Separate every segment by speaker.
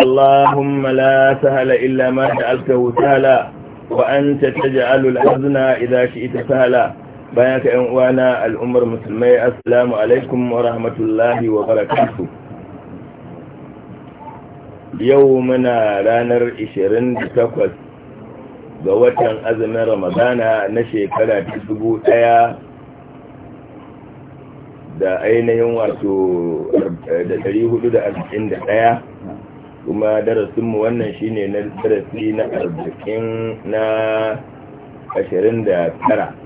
Speaker 1: اللهم لا سهل إلا ما جعلته سهلا وأنت تجعل الحزن إذا شئت سهلا بياك أنوانا الأمر مسلمي السلام عليكم ورحمة الله وبركاته يومنا رانر إشيرين تكوز ga watan azumin ramadana na shekara ta dubu ɗaya da ainihin wato da ɗari hudu da arba'in da ɗaya kuma darasinmu wannan shine na darasi na arzikin na ashirin da tara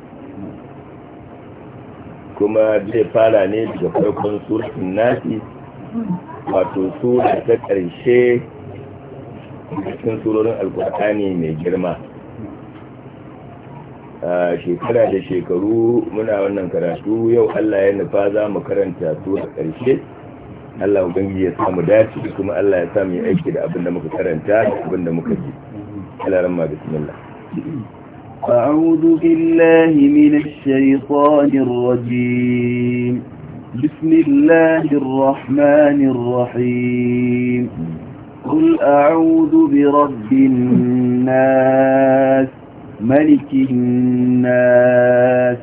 Speaker 1: kuma zai fara ne daga farkon surutun nasi wato sura ta ƙarshe cikin surorin alkur'ani mai girma a shekara da shekaru muna wannan karatu yau allah ya nufa za mu karanta sura ƙarshe Allah ubangiji ya samu dace kuma Allah ya samu yi aiki da abinda muka karanta da abin da muka ji Allah ramma bismillah
Speaker 2: أعوذ بالله من الشيطان الرجيم بسم الله الرحمن قل أعوذ برب الناس ملك الناس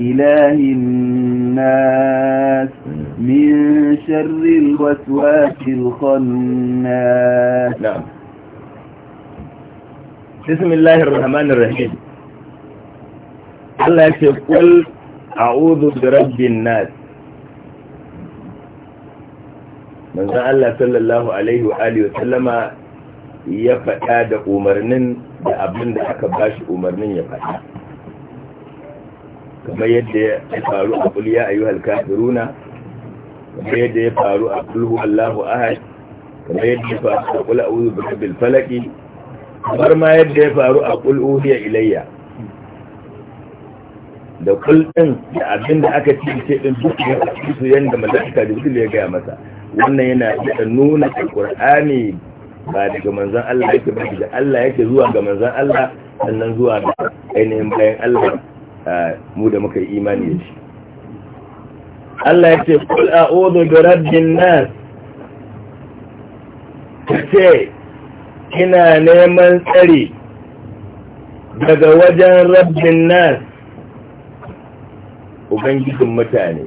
Speaker 2: إله الناس من شر الوسواس الخناس نعم بسم الله الرحمن الرحيم الله يقول
Speaker 1: أعوذ برب الناس من الله صلى الله عليه وآله وسلم ya faɗa da umarnin da abin da aka ba shi umarnin ya faɗa kamar yadda ya faru a kuliya ayyuhal kafiruna kamar yadda ya faru a kulhu Allahu ahad kamar yadda ya faru a kula uzu bi rabbil falaq kamar ma yadda ya faru a kul uhiya ilayya da kul din da abin da aka ci ce din duk ya ci su yanda malaika jibril ya ga masa wannan yana da nuna alqur'ani ba daga manzon Allah yake ba daga Allah yake zuwa ga manzon Allah sannan zuwa ga ainihin bayan Allah mu da muka yi imani da shi Allah ya ce kul a'udhu bi rabbin nas ce kina neman tsari daga wajen rabbin nas ubangijin mutane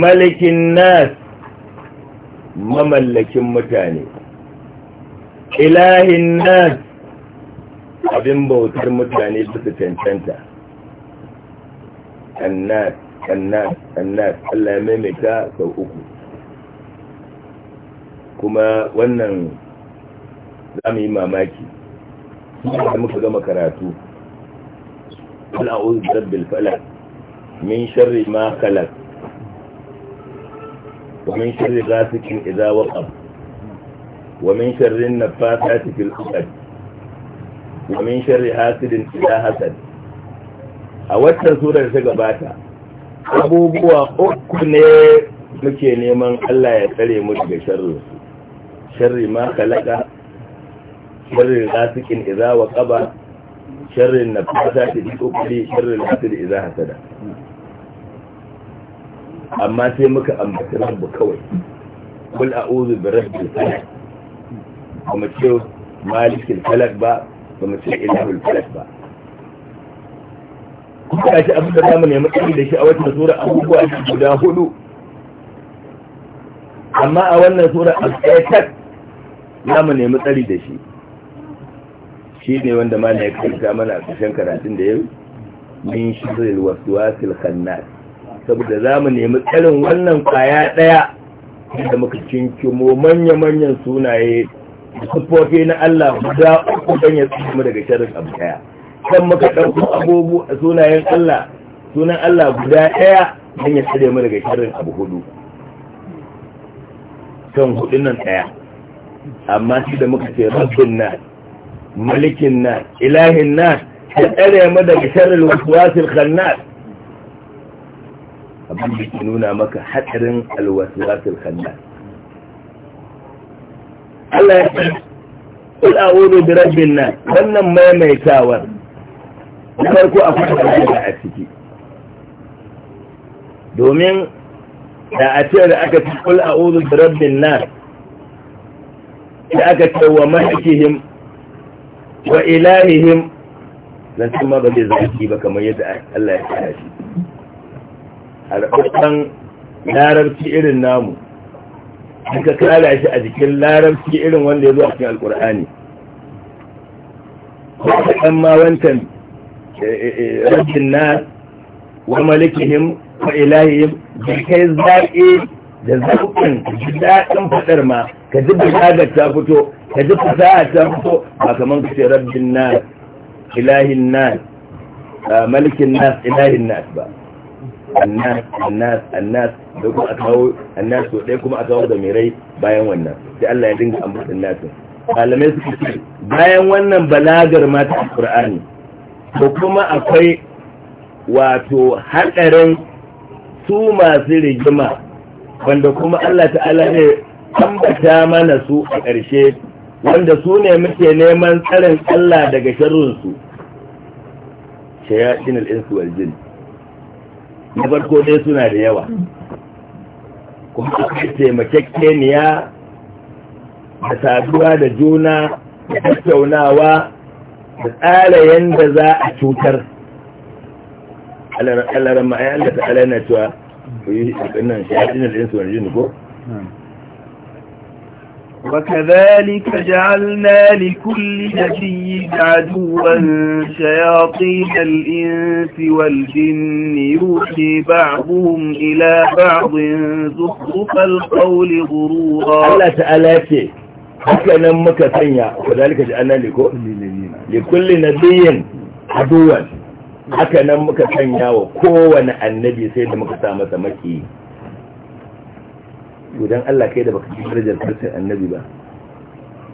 Speaker 1: malikin nas mamallakin mutane ilahin nas abin bautar mutane su cancanta annas annas annas Allah ya maimaita sau uku kuma wannan za mu yi mamaki da muka gama karatu al'a'udu rabbil falak min sharri ma khalaq wa min sharri ghasikin idza waqab wa min sharri an-nafathati fil 'uqad wa min sharri hasidin idza hasad a watan surar ta gabata abubuwa uku ne muke neman Allah ya tsare mu daga sharri sharri ma kalaka da rasikin iza wa qaba na nafasa ta di kokari sharrin hasid iza hasada amma sai muka ambata rabbu kawai kul a'udhu bi rabbil falaq kuma ce malikul falaq ba kuma ce ilahul falaq ba kuma ga shi abin da zamu nemi tsari da shi a wata sura abubuwa ne guda hudu amma a wannan sura a tsayatar zamu nemi tsari da shi shi ne wanda ma ya ta mana a kashen karatun da yau min wasu waswasil kannar, saboda za mu nemi tsarin wannan kwaya ɗaya, da muka cinkimo manya-manyan sunaye da siffofi na Allah guda uku don ya tsaye daga sharin abu ɗaya. kan muka ɗauko abubu a sunayen Allah sunan Allah guda ɗaya don ya tsare mu daga sharrin abu hudu kan hudun nan ɗaya amma shi da muka ce rabbin na malikin na ilahin na ya tsare mu daga sharrin waswasil khannas abin da ke nuna maka hatsarin alwaswasil khannas
Speaker 2: Allah ya ce Kul a'udhu
Speaker 1: bi rabbin nas wannan maimaitawar na farko akwai da a ciki domin da a ce da aka ci kul a uzu da rabbin nan da aka ce wa mahakihim wa ilahihim zan sun ma ba zai zaki ba kamar yadda Allah ya kira shi a rahoton larabci irin namu aka ka shi a jikin larabci irin wanda ya zo a cikin alkur'ani ko ta ma wancan
Speaker 3: rabbin
Speaker 1: nas wa malikihim wa ilahihim da kai zaƙi da zaɓin ji daɗin faɗar ma ka ji bukatar ta fito ka ji a ta fito ba kamar ka ce rabbin nas ilahin nas malikin nas ilahin nas ba annas annas annas da kuma a kawo annas so ɗaya kuma a kawo da mirai bayan wannan sai Allah ya dinga ambatan nasin malamai suka ce bayan wannan balagar mata a Qur'ani ko kuma akwai wato haɗarin su masu rigima wanda kuma Allah ta'ala ne tambata mana su a ƙarshe wanda su ne muke neman tsarin Allah daga sharrunsu shayatin al'insu wal jin na farko dai suna da yawa kuma akwai taimakekeniya da saduwa da juna da tattaunawa da tsara yadda za a cutar alaran ma'ayi allah ta yi jini ko
Speaker 2: وكذلك جعلنا لكل نبي عدوا شياطين الإنس والجن يوحي بعضهم إلى بعض زخرف القول غرورا الله
Speaker 1: تعالى كي حكنا مكة ثانية وكذلك جعلنا لكل li kulli nabiyyin aduwan haka nan muka sanya wa kowane annabi sai da muka sa masa maki gudan Allah kai da baka ci darajar karshen annabi ba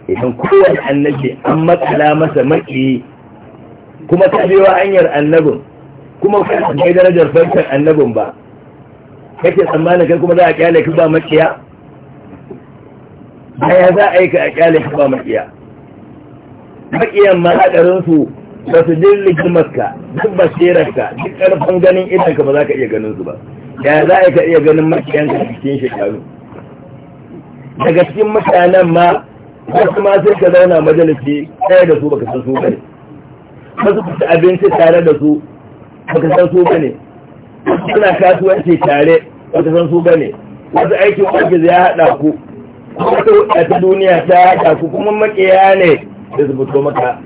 Speaker 1: idan kowane annabi an matsala masa maki kuma ka biyo hanyar annabin kuma ka kai darajar farkon annabin ba kake tsammanin kai kuma za a kyale ka ba makiya baya za a yi ka a kyale ka ba makiya maƙiyan mahaɗarinsu ba su jin rigimarka duk basirarka duk ƙarfin ganin idanka ba za ka iya ganin su ba ya za ka iya ganin maƙiyanka cikin shekaru daga cikin mutanen ma wasu ma sai ka zauna majalisi ɗaya da su baka san su ba ne. wasu ku ci abinci tare da su baka san su ne wasu suna kasuwanci tare baka san su ba ne? wasu aikin ofis ya haɗa ku wata ta duniya ta haɗa ku kuma maƙiya ne zai zubuto maka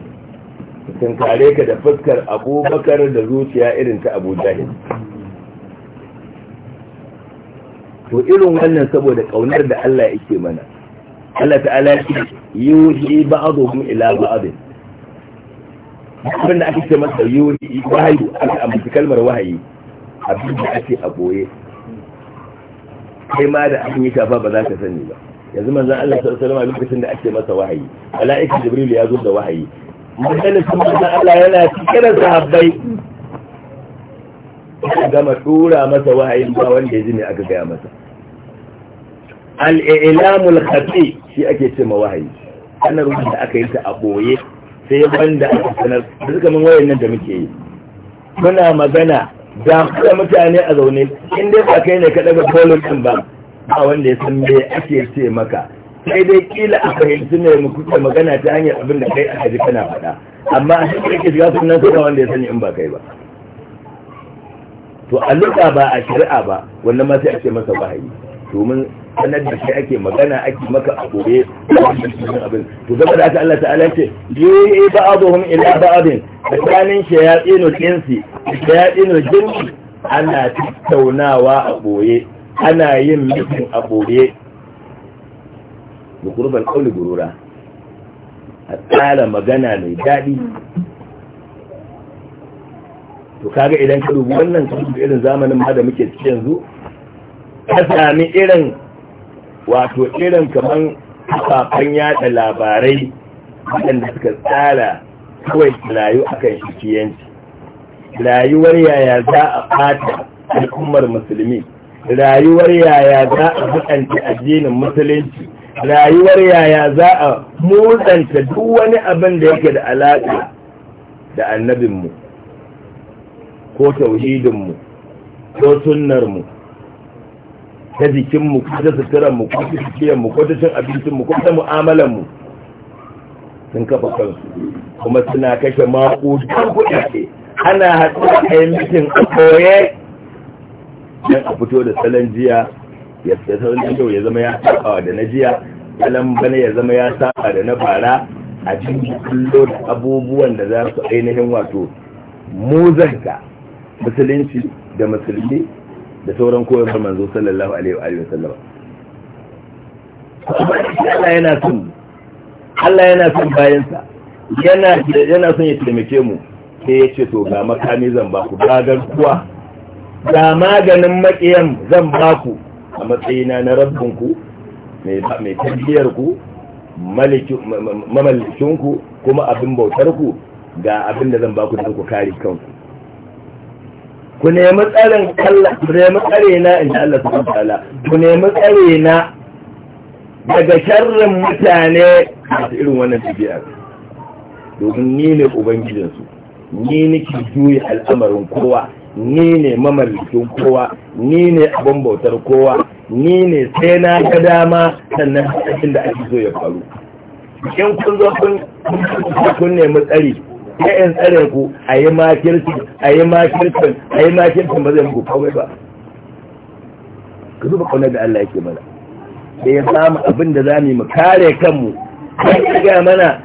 Speaker 1: tunkare ka da fuskar abubakar da zuciya irin ta abu jahil to irin wannan saboda kaunar da Allah yake mana Allah ta'ala ya yuhi ba'dhum ila ba'd abinda ake ce masa yuhi wahayi aka ambaci kalmar wahayi abinda ake a boye kai ma da abin yi shafa ba za ka sani ba yanzu manzo Allah sallallahu alaihi wasallam lokacin da ake masa wahayi mala'ikan jibril ya zo da wahayi majalisun manzan Allah yana cikin sahabbai aka gama tura masa wahayi ba wanda ya ji ne aka gaya masa al-i'lamul khafi shi ake ce ma wahayi ana da aka yi ta a boye sai wanda aka sanar da suka min nan da muke yi muna magana da mutane a zaune in dai ba kai ne ka daga kolon din ba ba wanda ya san me ake ce maka sai dai kila a fahimci ne mu kuke magana ta hanyar abin da kai aka ji kana faɗa amma a cikin yake shiga sunan sai wanda ya sani in ba kai ba to a luka ba a shari'a ba wannan ma sai ce masa wahayi domin sanar da shi ake magana ake maka a gobe abin to zama da aka Allah ta'ala ce yi ba'aduhum ila ba'adin tsakanin shayatinul insi shayatinul jinni ana tattaunawa a boye ana yin mitin a bore da kurban kauli gurura a tsara magana mai daɗi to kaga idan ka dubu wannan kan irin zamanin ma da muke cikin yanzu ka sami irin wato irin kaman kafafan yada labarai waɗanda suka tsara kawai rayu akan shikiyanci rayuwar yaya za a fata al'ummar musulmi rayuwar yaya za a haɗanta addinin musulunci rayuwar yaya za a motsanta duk wani abin da yake da alaƙa da annabinmu ko tauhidinmu ko sunnarmu ta jikinmu ko ta suturanmu ko ta tafiyanmu ko ta cin abincinmu ko ta mu'amalanmu sun kafa kansu kuma suna kashe maƙudan kuɗaɗe ana haɗu a yi mitin a koye dan a fito da salon jiya ya salon yau ya zama ya saba da na jiya salon bana ya zama ya saba da na bara a cikin kullo da abubuwan da za su ainihin wato muzanta musulunci da musulmi da sauran koyarwar manzo sallallahu alaihi wa sallam Allah yana son Allah yana son bayansa yana yana son ya taimake mu sai ya ce to ga makami zan ba ku gagar kuwa ga maganin makiyan zan baku a matsayina na rabbinku mai tafiyarku mamallakinku kuma abin bautarku ga abin da zan baku don ku kare kanku ku nemi tsarin ku nemi tsare na Allah su wataala ku nemi tsare na daga sharrin mutane masu irin wannan tafiya domin ni ne ubangijinsu ni nake juya al'amarin kowa ni ne mamallikin kowa ni ne abin bautar kowa ni ne sai na ga dama sannan cikin da ake so ya faru in kun zo kun nemi tsari ya in tsare ku a yi makircin a yi makircin a yi ba zai muku kawai ba ka zuba kaunar da Allah yake mana sai ya samu abin da za mu yi mu kare kanmu sai ga mana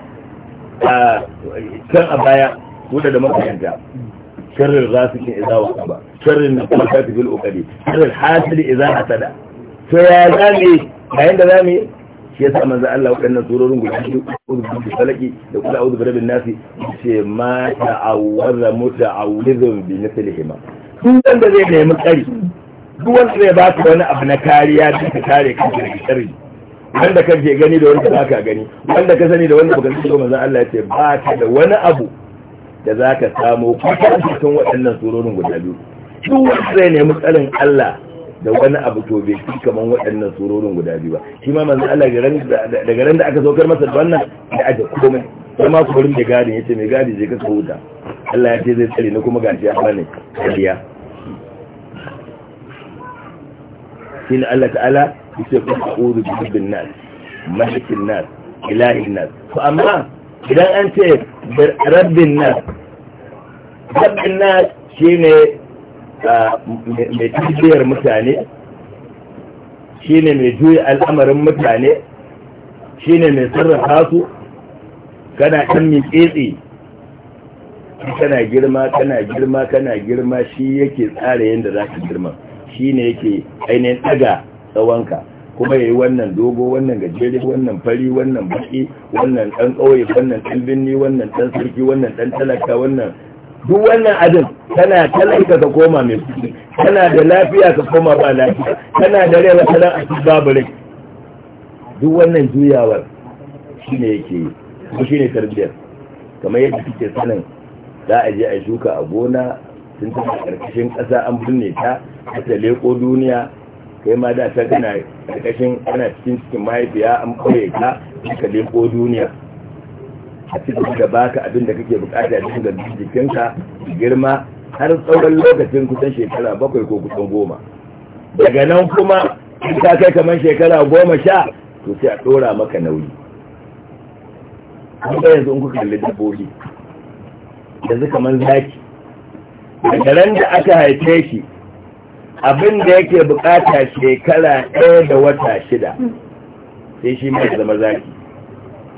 Speaker 1: a can a baya wuta da makaranta sharrin rasikin idza waqaba sharrin nafasati bil uqadi sharrin hasili idza hasada to ya zame yayin da zame shi yasa manzo Allah wadannan surorin guda biyu uzu bi salaki da kula uzu bi rabbin nasi ce ma ta'awwara muta'awwidun bi mithlihima duk wanda zai nemi kari duk zai ba ka wani abu na kariya duk ka kare kanka daga sharri wanda kake gani da wanda baka gani wanda ka sani da wanda baka sani ba manzo Allah ya ce ba ka da wani abu da za ka samu kusa cikin waɗannan surorin guda biyu duk wanda zai nemi tsarin Allah da wani abu to bai fi kamar waɗannan surorin guda biyu ba shi ma manzo Allah daga ran da aka saukar masa da wannan da aka komai sai ma ku da gadin ce mai gadi je ka wuta. Allah ya ce zai tsare ni kuma gashi ya bani kariya shi Allah ta'ala ya ce ku ka'uru bi rabbin nas malikin nas ilahin nas to amma idan an ce rabbin nas rabbin nas shi ne ah, mai tafiyar mutane shi ne mai juya al'amarin mutane shi ne mai sarrafa su kana ɗan mai tsetse kana girma kana girma kana girma shi yake tsara yadda za ka girma shi ne yake ainihin tsaga tsawonka kuma yayi wannan dogo wannan gajere wannan fari wannan baki wannan dan kauye wannan dan binni wannan dan sarki wannan dan talaka wannan duk wannan abin kana talaka ka koma mai kudi kana da lafiya ka koma ba lafiya kana da rai ba kana a cikin babu rai duk wannan juyawar shine yake yi ko shine tarbiyyar kamar yadda kike sanin za a je a shuka a gona sun tafi ƙarƙashin ƙasa an binne ta ta leko duniya kai ma da ta kana karkashin ana cikin cikin mahaifiya an ɓoye ka ka leko duniya a cikin da ka abin da kake bukata cikin da jikinka girma har tsawon lokacin kusan shekara bakwai ko kusan goma daga nan kuma in ka kai kamar shekara goma sha to sai a dora maka nauyi an yanzu in kuka kalli dabbobi yanzu kamar zaki daga ran da aka haife shi abin da yake bukata shekara ɗaya da wata shida sai shi mai zama zaki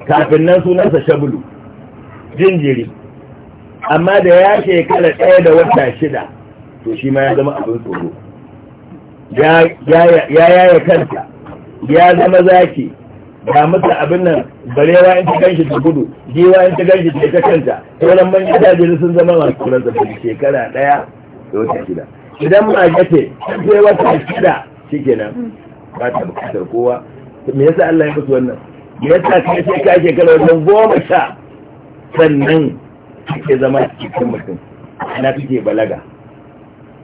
Speaker 1: kafin nan sunansa shabulu jinjiri amma da ya shekara ɗaya da wata shida to shi ma ya zama abin tsoro ya yaya kanta ya zama zaki ga mutu abin nan barewa in ta ganshi ta gudu jiwa in ta ganshi ta kanta tsoron manyan dajiri sun zama masu kuransa da shekara ɗaya da wata shida idan mage ce sai wata shida nan, ba ta bukatar kowa me yasa Allah ya kasu wannan me yasa kai sai ka shekara wannan goma sha sannan kake zama cikin mutum ana kake balaga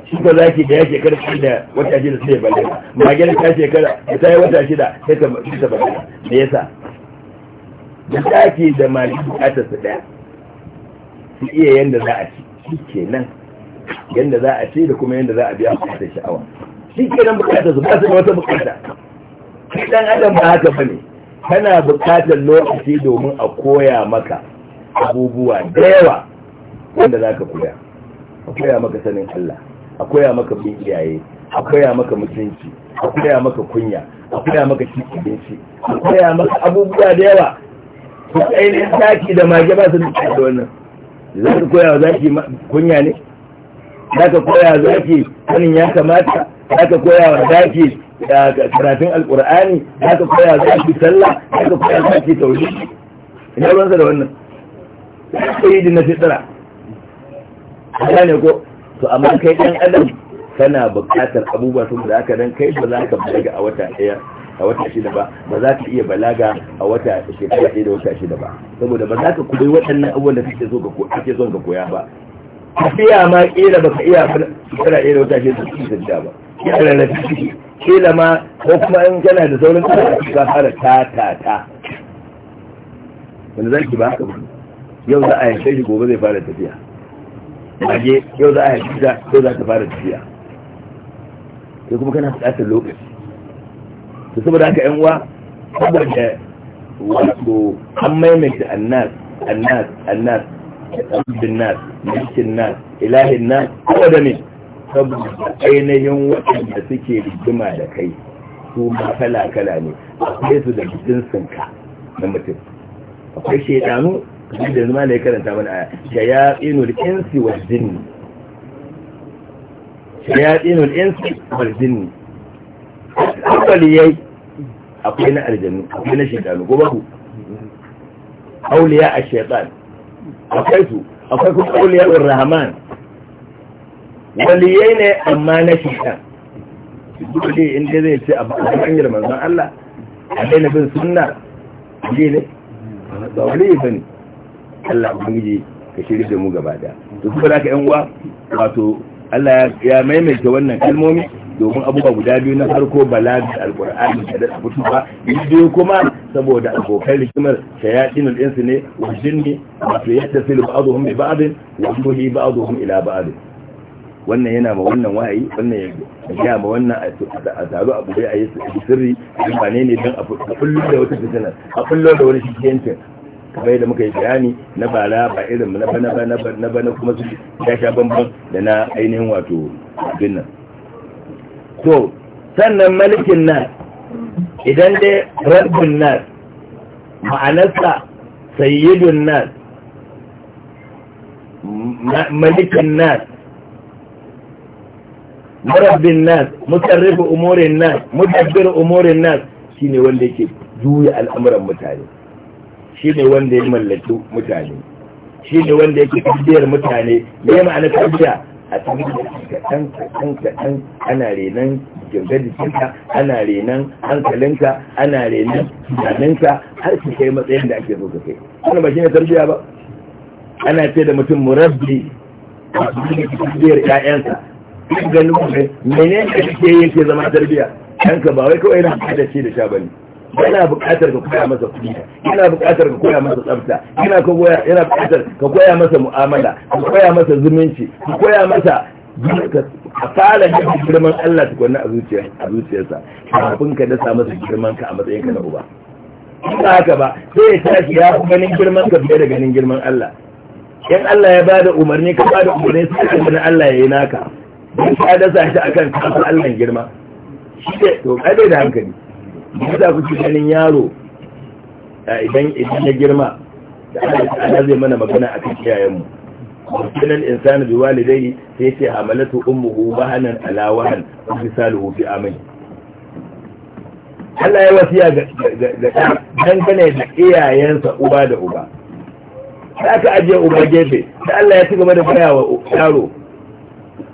Speaker 1: shi ko za ki da ya kar shi da wata shida sai balaga mage ta shekara ta yi wata shida sai ta ta balaga me yasa da ke da mali bukatar su daya su iya yanda za a ci shi kenan yadda za a ce da kuma yadda za a biya da sha'awa shi ke nan bukatar su ba su da wata bukata shi dan adam ba haka bane kana bukatar lokaci domin a koya maka abubuwa da yawa wanda za ka koya a koya maka sanin Allah a koya maka bin iyaye a koya maka mutunci a koya maka kunya a koya maka cin abinci a koya maka abubuwa da yawa Ku ainihin taki da mage ba su da wannan za ka koya wa zaki kunya ne za ka koya zaki sanin ya kamata za ka koya wa zaki karatun alkur'ani za ka koya zaki sallah za ka koya zaki tauri ina ruwansa da wannan sai na fitara. ana ne ko to amma kai ɗan adam kana buƙatar abubuwa sun da aka dan kai ba za ka balaga a wata ɗaya a wata shida ba ba za ka iya balaga a wata shekara ɗaya da wata shida ba saboda ba za ka kudai waɗannan abubuwan da kake so ka koya ba tafiya ma kila ka iya kana iya wata ce su ci da ba ya rarrafi ciki kila ma ko kuma in kana da saurin kana ka fara ta ta ta wanda zaki ba ka ba yau za a yi shi gobe zai fara tafiya aje yau za a yi ta ko za ta fara tafiya sai kuma kana buƙatar lokaci to saboda haka yan uwa saboda wato an maimaita annas annas annas rabbin nas mulkin nas ilahin nas ko da ne saboda ainihin waɗanda suke rigima da kai su ma kala-kala ne akwai su da jinsinka na mutum akwai shaidanu kamar da zama da ya karanta mana aya Ya shayatsinul insi wal jinni shayatsinul insi wal jinni akwai akwai na aljanu akwai na shaidanu ko babu auliya a shaitan akwai su akwai kuma uliyar rahman waliyai ne amma na shaitan dole inda zai ce a hanyar manzon Allah a daina bin sunna ne ne ba waliyi bane Allah ubangiji ka shirya da mu gaba da su kuma da ka yan uwa wato Allah ya maimaita wannan kalmomi domin abubuwa guda biyu na farko da alqur'ani da da fito ba biyu kuma saboda abokan rikimar shayatinul insi ne wa jinni wato yattasilu ba'dhum bi ba'd wa yuhi ba'dhum ila ba'd wannan yana ma wannan wahayi wannan ya ga ma wannan a taru abu dai a yi sirri ba ne ne don a kullu da wata fitina a kullu da wani shikiyancin kamar yadda muka yi bayani na bara ba irin na bana na bana kuma su ya sha bambam da na ainihin wato abin nan to sannan malikin nan idan dai rabbin nan ma'anarsa sayyidun nan malikin nan marabbin nas musarrifu umurin nas umarin umurin shi ne wanda yake juya al'amuran mutane shi ne wanda ya mallaki mutane shi ne wanda yake tafiyar mutane ne ma'ana tafiya a tafi da shi kaɗan kaɗan kaɗan ana renon gyambe jikinka ana renon hankalinka ana renon tunaninka har su kai matsayin da ake zuwa kai Wani ba shi ne tarbiyya ba ana ce da mutum murabbi a tarbiyyar ƴaƴansa duk ganin mutum menene kake yin ke zama tarbiyya ɗanka ba wai kawai na da shi da sha bane yana bukatar ka koya masa kudi yana bukatar ka koya masa tsafta yana ka koya yana buƙatar ka koya masa mu'amala ka koya masa zumunci ka koya masa ka fara jin girman Allah tukunna a zuciya a zuciyarsa kafin ka dasa masa girman ka a matsayin ka na uba in ba haka ba sai ya tashi ya fi ganin girman ka fiye da ganin girman Allah in Allah ya bada umarni ka bada umarni sai ka Allah ya yi naka don ka dasa shi akan kafin Allah girma shi ne to kai da hankali yadda kuke ganin yaro idan idan ya girma da ana zai mana magana a kan iyayenmu mutunan insani bi walidai sai ce hamalatu ummuhu bahanan alawahan wahan wa fisaluhu fi amai Allah ya wasiya ga dangane da iyayensa uba da uba za ka ajiye uba gefe da Allah ya ci gaba da fara wa yaro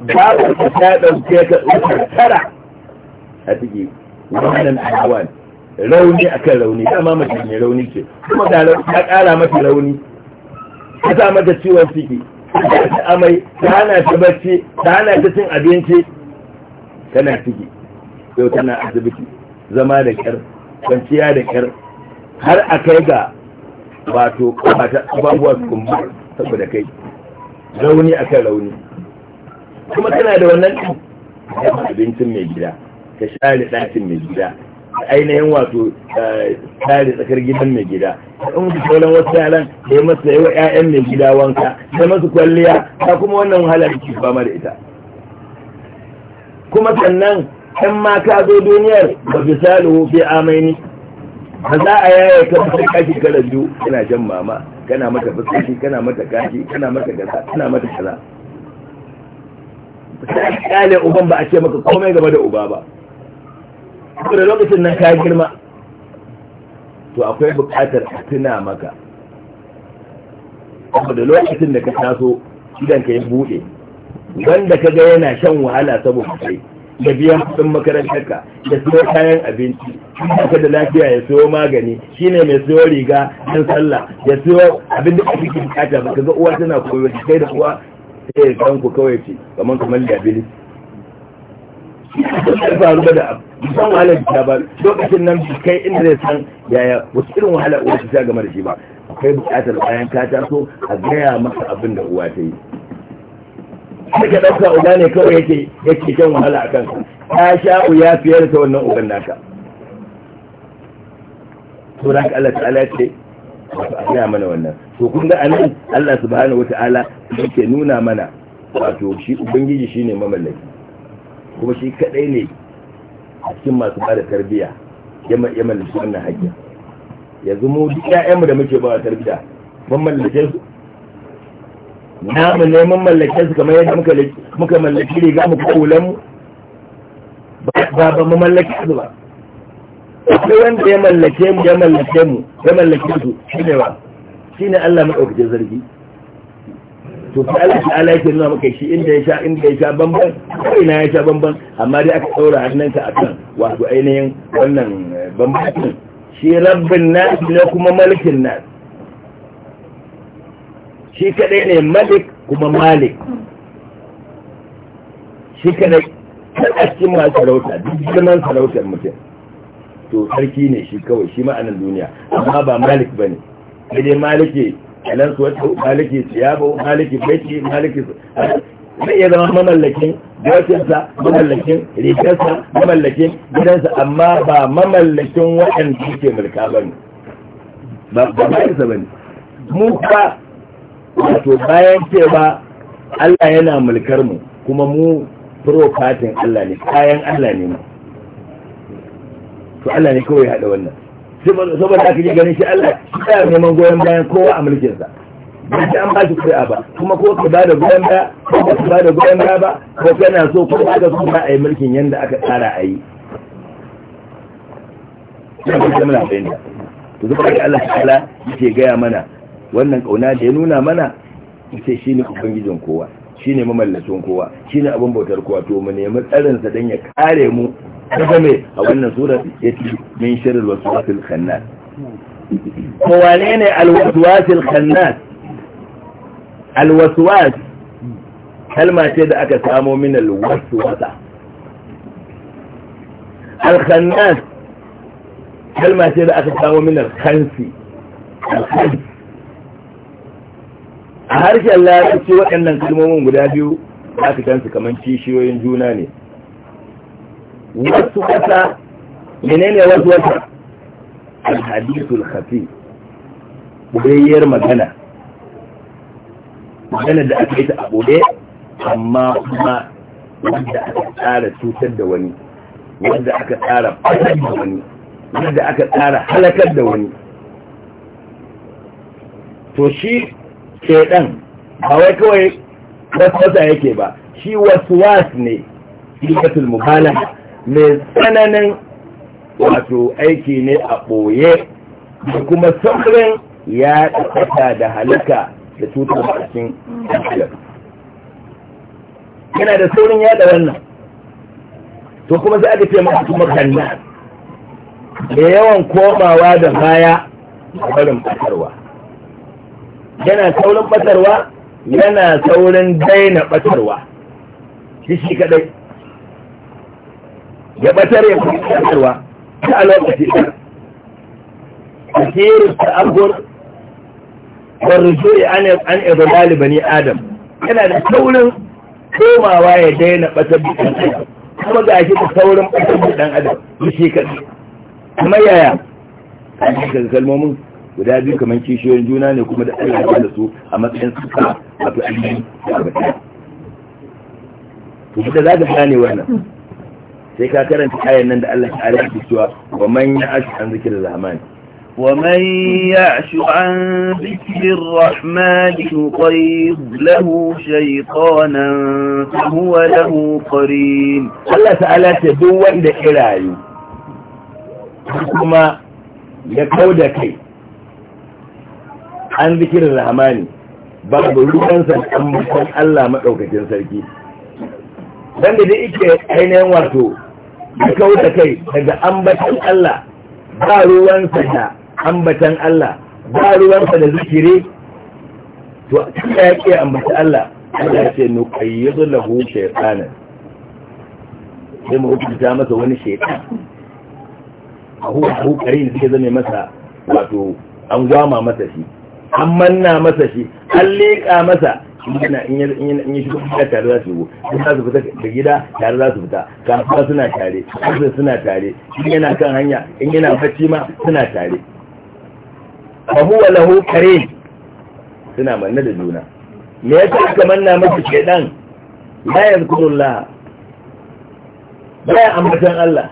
Speaker 1: babu ta dauke ka tara a ciki
Speaker 2: wannan alawan
Speaker 1: rauni akan rauni dama mace ne rauni ce kuma da ya kara mata rauni ta sa mata ciwon ciki ta amai ta hana ta bacci ta hana ta cin abinci tana ciki yau tana asibiti zama da kyar kwanciya da kyar har a kai ga wato kwata abubuwa su kuma saboda kai rauni akan rauni kuma tana da wannan abincin mai gida ka share ɗakin mai gida a ainihin wato share tsakar gidan mai gida in ku sauran wasu yaran da ya masa yawa 'ya'yan mai gida wanka da masu kwalliya ta kuma wannan wahala da ke fama da ita kuma sannan ɗan ka zo duniyar ba fi salu fi amaini ba za a yaya ka fi kashi kala biyu kana jan mama kana mata fuskashi kana mata kashi kana mata gasa, kana mata kaza ba ta kyale uban ba a ce maka komai game da uba ba da lokacin nan ka girma to akwai buƙatar a tuna maka da lokacin da ka taso idan ka yi buɗe wanda ka ga yana shan wahala saboda kai da biyan kuɗin makarantarka da siyo kayan abinci haka da lafiya ya siyo magani shine mai siyo riga ɗan sallah ya siyo abin da ake bukata ba ka ga uwa tana koyo da kai da uwa sai ya ku kawai ce kamar kamar liability ya faru ba da abu musan wahala jita ba lokacin nan kai inda zai san yaya wasu irin wahala uwa ta game da shi ba akwai bukatar bayan ka taso a gaya masa abin da uwa ta yi har ka ɗauka uba ne kawai yake yake kan wahala a kansa ta sha uya fiye da ta wannan uban naka to da Allah ta'ala ce wato a gaya mana wannan to kun ga anan Allah subhanahu wata'ala yake nuna mana wato shi ubangiji shine mamallaki kuma shi kadai ne a cikin masu bada tarbiya ya mallaki wannan haƙƙin yanzu mu duk ƴaƴanmu da muke ba tarbiya mun mallake su namu ne mun mallake su kamar yadda muka mallaki riga mu kawulan mu ba ba mu mallake su ba akwai wanda ya mallake mu ya mallake mu ya mallake su shine ba shine Allah madaukakin zargi to fi Allah ta Allah yake nuna maka shi inda ya sha inda ya sha bamban kai na ya sha bamban amma dai aka daura a akan wato ainihin wannan eh, bambancin shi rabbin nas ne kuma malikin nas shi kadai ne malik kuma malik shi kadai kada cikin masu sarauta duk zaman sarautar mutum to sarki ne shi kawai shi ma'anar duniya amma ba malik bane sai dai maliki kenan su wata maliki siyabo maliki beki maliki zai iya zama mamallakin dokinsa mamallakin rikarsa mamallakin gidansa amma ba mamallakin waɗanda ke mulka ba ne ba bayansa ba ne mu ba wato bayan ce ba Allah yana mulkar mu kuma mu fatin Allah ne kayan Allah ne mu to Allah ne kawai haɗa wannan saboda aka yi ganin shi Allah ya neman goyon bayan kowa a mulkinsa ba shi an ba shi kuri'a ba kuma ko ka ba da goyon baya ko ka ba da goyon baya ba ko kana so ko ba ka so ba a yi mulkin yadda aka tsara a yi to zuba da Allah ta'ala yake gaya mana wannan kauna da ya nuna mana ita shine ubangijin kowa Shi shine mamallakin kowa Shi ne abin bautar kowa to mu nemi tsarinsa don ya kare mu daga mai a wannan sura ya ce min shirin wasu wasuwasil khannas kowane ne alwasuwasil khannas alwasuwas kalma ce da aka samo min alwasuwasa alkhannas kalma ce da aka samo min alkhansi alkhansi a harshen ce waɗannan kalmomin guda biyu za ka kansu kamar kishiyoyin juna ne wasu wata ne wasu wata alhadisul khafi bayyar magana magana da aka yi ta a amma kuma wanda aka tsara cutar da wani wanda aka tsara fasar da wani wanda aka tsara halakar da wani to shi shedan ba wai kawai waswasa yake ba shi waswas ne sifatul muhala mai tsananin wato aiki ne a ɓoye da kuma saurin ya da halaka da cutar cikin yana da saurin yada wannan to kuma za a ce masu kuma kanna da yawan komawa da baya a barin ƙasarwa yana saurin batarwa yana saurin daina batarwa shi shi kadai
Speaker 2: ya batar ya kuma batarwa ta a lokaci ɗan asirin ta abuwar warrujuri an
Speaker 1: ibadali bani adam yana da saurin komawa ya daina batar da ɗan adam kuma ga shi da saurin batar da ɗan adam shi kadai kuma yaya a cikin kalmomin guda biyu kamar kishiyoyin juna ne kuma da Allah ya da su a matsayin suka a fi ainihin arba'in to da za ka gane wannan sai ka karanta ayan nan da Allah ya ara ki cewa wa man ya'ashu an da rahman
Speaker 2: wa man ya'ashu an zikrir rahman yuqayyid lahu shaytanan fa huwa lahu qarin Allah ta'ala ce duk wanda ya rayu kuma
Speaker 1: ya kauda kai an zikirin rahmani babu ruwansa an mutan Allah maɗaukacin sarki don da ike ainihin wato da kawo da kai daga ambatan Allah ba ruwansa da ambatan Allah ba ruwansa da zikiri to kuma ya ke ambatan Allah Allah ya ce nuqayyidu lahu shaytanan sai mu ta masa wani shaytan a hukarin suke zame masa wato an gwama masa shi an manna masa shi an leƙa masa yana in yi shigo kuma tare za su yiwu in za su fita da gida tare za su fita kafa suna tare kasuwa suna tare in yana kan hanya in yana bacci ma suna tare fa huwa lahu kare suna manna da juna me ya sa aka manna masa ya shedan la Ba ya ambatan Allah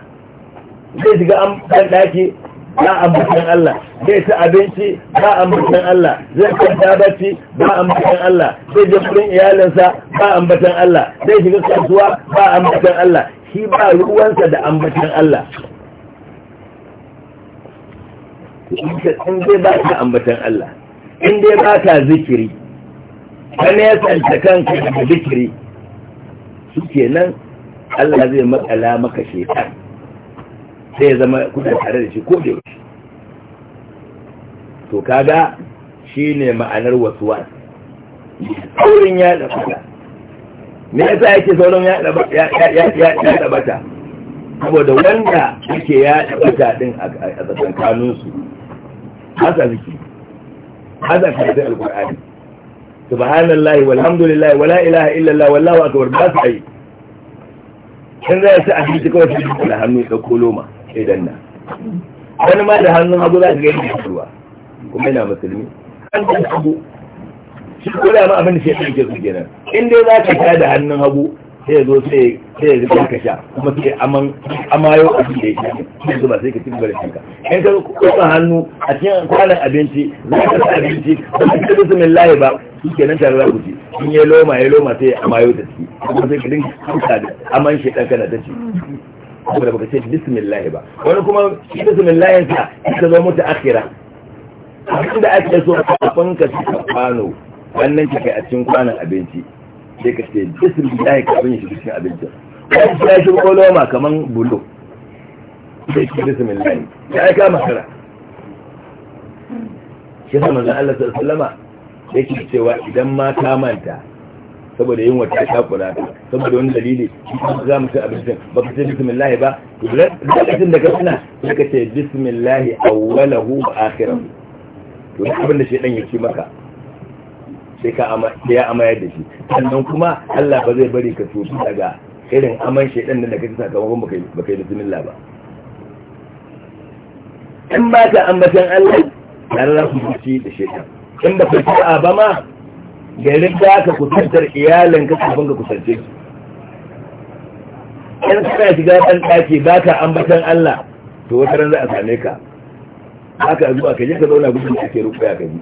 Speaker 1: zai shiga an ɗaki ba ambatan Allah zai ta abinci ba ambatan Allah zai kwanta bacci ba ambatan Allah zai ji kudin iyalinsa ba ambatan Allah zai shiga kasuwa ba ambatan Allah shi ba ruwansa da ambatan Allah in dai ba ka ambatan Allah in dai ba ka zikiri ka nesanta kanka da zikiri shi kenan Allah zai makala maka shekaru sai ya zama kuna tare da shi ko da yaushe to kaga shine ma'anar wasuwas saurin ya dabata me yasa yake saurin ya dabata saboda wanda yake ya dabata din a tsakankanin su haka ziki haka karatu alqur'ani subhanallahi walhamdulillahi wala ilaha illallah wallahu akbar ba su sai kin zai sa a cikin kawai da hannu ya dauko loma sai danna wani ma da hannun hagu za ka gani yadda ruwa kuma yana musulmi hannun hagu shi ko da ma abin da shi ke su kenan in dai za ka sha da hannun hagu sai ya zo sai ya zo ka sha kuma sai aman amayo a cikin da ya sha sai zuba sai ka ci gaba da shanka in ka kusa hannu a cikin kwanan abinci za ka sa abinci ba ka ci bismillah ba shi kenan tare za ku ci in ya loma ya loma sai amayo ta ciki kuma sai ka dinga kuka da aman shi ɗan kana ta ci saboda baka ce bismillah ba wani kuma bismillah ka ta zo mutu akhira abin da ake so kafin ka ci kwano wannan kike a cikin kwanon abinci sai ka ce bismillah ka bin shi cikin abincin wani ya shi koloma kaman bulo sai ki bismillah ya aika masara shi sama manzon Allah Sallama alaihi wasallama yake cewa idan ma ka manta saboda yin wata ta kula saboda wani dalili za mu a abincin ba ka ce bismillah ba lokacin da ka suna sai ka ce bismillah awwalahu wa akhirahu to duk abin da shedan yake maka sai ka ya amayar da shi sannan kuma Allah ba zai bari ka tofi daga irin aman shedan da ka ci sakamakon baka baka yi bismillah ba in ba ka ambatan Allah tare da su da shedan in ba ka ci ba ma da riga ka kusantar iyalin kafin ka kusance su in shiga ɗan ɗaki ba ka ambatan Allah to wata ran za a same ka haka zuwa ka je ka zauna gudun ake rukuya ka ji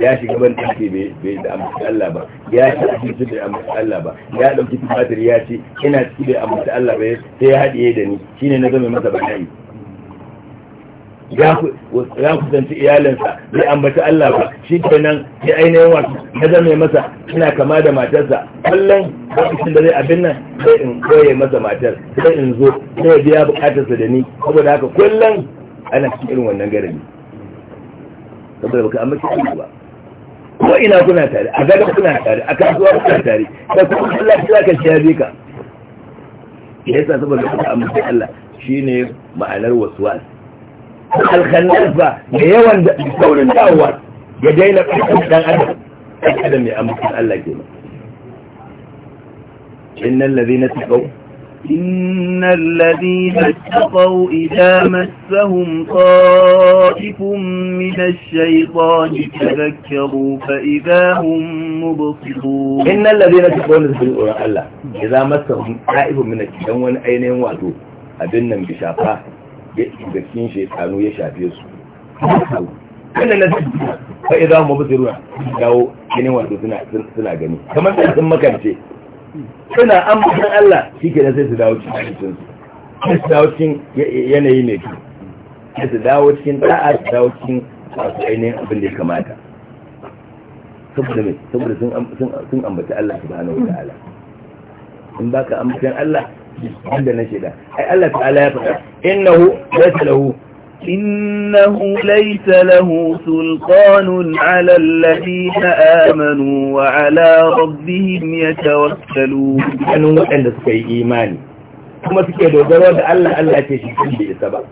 Speaker 1: ya shiga ban ɗaki bai da ambatan Allah ba ya a cikin bai ambatan Allah ba ya ɗauki tumatir ya ce ina ciki bai ambatan Allah ba sai ya haɗiye da ni shine na zama masa bayani ya kusanci iyalinsa bai ambaci Allah ba shi kenan ya ainihin wasu ya zame masa ina kama da matarsa kullum lokacin da zai abin nan zai in koye masa matar Zai in zo zai biya bukatarsa da ni saboda haka kullum ana cikin irin wannan garami saboda baka ambaci Allah ba ko ina kuna tare a gaba kuna tare a kasuwa kuna tare sai kuma Allah za ka shi ka yasa saboda baka ambaci Allah shine ma'anar waswas alkhalafa da yawan da saurin dawowa ya daina kashin dan adam dan adam ne amma kan Allah ke innal ladina taqaw
Speaker 2: innal ladina taqaw idza massahum qa'ifum min ash-shaytani tadhakkaru fa idza hum mubsitun
Speaker 1: innal ladina taqaw min Allah idza wani ainihin wato abin nan bi shafa ya da cikin shekaru ya shafe su wannan na fa idza hum mubsiruna dawo ginin wato suna gani kamar sai sun makance suna ambatan Allah shike da sai su dawo cikin su sai su dawo cikin yanayi mai kyau sai su dawo cikin da'a su dawo cikin wasu ainihin abin da ya kamata saboda mai saboda sun ambaci Allah su ba na wa ala. in ba ka ambatan Allah wanda
Speaker 2: na shida ai Allah ta ala ya fada innahu laysa lahu innahu laysa lahu sulqanun amanu wa ala rabbihim yatawassalu anu wanda suka yi
Speaker 1: imani kuma suke dogaro da Allah Allah ce shi kin da sabab